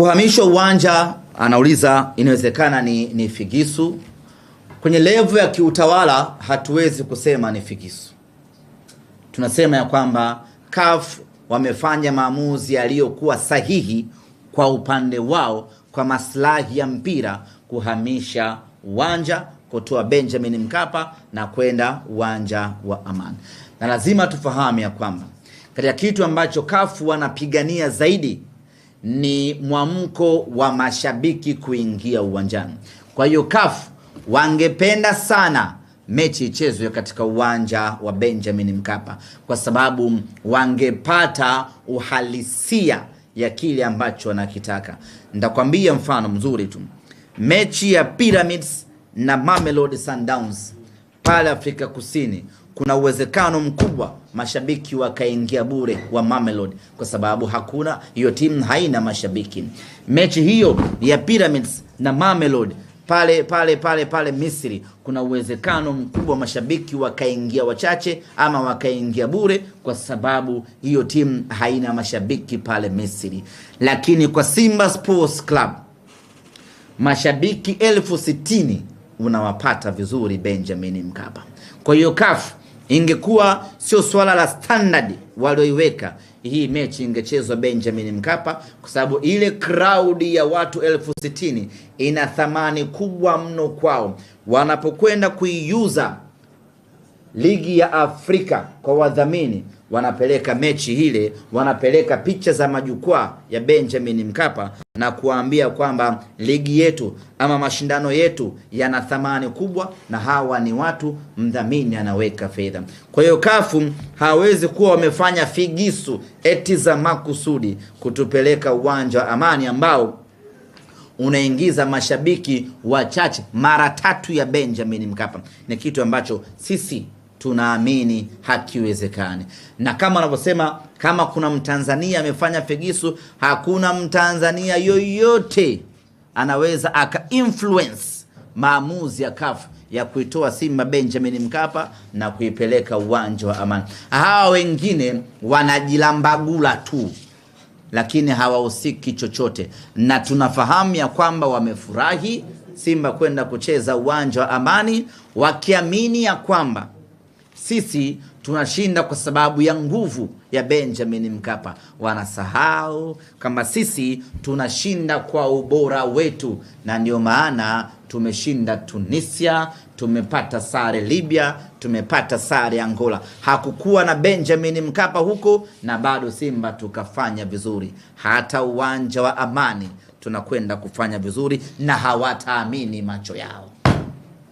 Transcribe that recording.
Kuhamishwa uwanja, anauliza inawezekana ni, ni figisu. Kwenye levu ya kiutawala hatuwezi kusema ni figisu, tunasema ya kwamba CAF wamefanya maamuzi yaliyokuwa sahihi kwa upande wao, kwa maslahi ya mpira, kuhamisha uwanja kutoa Benjamin Mkapa na kwenda uwanja wa Amani, na lazima tufahamu ya kwamba katika kitu ambacho CAF wanapigania zaidi ni mwamko wa mashabiki kuingia uwanjani. Kwa hiyo CAF wangependa sana mechi ichezwe katika uwanja wa Benjamin Mkapa kwa sababu wangepata uhalisia ya kile ambacho wanakitaka. Nitakwambia mfano mzuri tu, mechi ya Pyramids na Mamelodi Sundowns pale Afrika Kusini, kuna uwezekano mkubwa mashabiki wakaingia bure wa Mamelodi kwa sababu hakuna hiyo timu haina mashabiki. Mechi hiyo ya Pyramids na Mamelodi pale pale pale pale Misri, kuna uwezekano mkubwa mashabiki wakaingia wachache ama wakaingia bure, kwa sababu hiyo timu haina mashabiki pale Misri. Lakini kwa Simba Sports Club mashabiki elfu sitini unawapata vizuri Benjamin Mkapa. Kwa hiyo CAF ingekuwa sio swala la standard walioiweka, hii mechi ingechezwa Benjamin Mkapa, kwa sababu ile crowd ya watu elfu sitini ina thamani kubwa mno kwao wanapokwenda kuiuza ligi ya Afrika kwa wadhamini wanapeleka mechi hile, wanapeleka picha za majukwaa ya Benjamin Mkapa na kuambia kwamba ligi yetu ama mashindano yetu yana thamani kubwa, na hawa ni watu, mdhamini anaweka fedha. Kwa hiyo kafu hawezi kuwa wamefanya figisu eti za makusudi kutupeleka uwanja wa Amani ambao unaingiza mashabiki wachache mara tatu ya Benjamin Mkapa, ni kitu ambacho sisi tunaamini hakiwezekani. Na kama wanavyosema, kama kuna mtanzania amefanya figisu, hakuna mtanzania yoyote anaweza aka influence maamuzi ya CAF ya kuitoa Simba Benjamin Mkapa na kuipeleka uwanja wa Amani. Hawa wengine wanajilambagula tu, lakini hawahusiki chochote, na tunafahamu ya kwamba wamefurahi Simba kwenda kucheza uwanja wa Amani wakiamini ya kwamba sisi tunashinda kwa sababu ya nguvu ya Benjamin Mkapa. Wanasahau kama sisi tunashinda kwa ubora wetu, na ndio maana tumeshinda Tunisia, tumepata sare Libya, tumepata sare Angola. Hakukuwa na Benjamin Mkapa huko, na bado Simba tukafanya vizuri. Hata uwanja wa Amani tunakwenda kufanya vizuri, na hawataamini macho yao.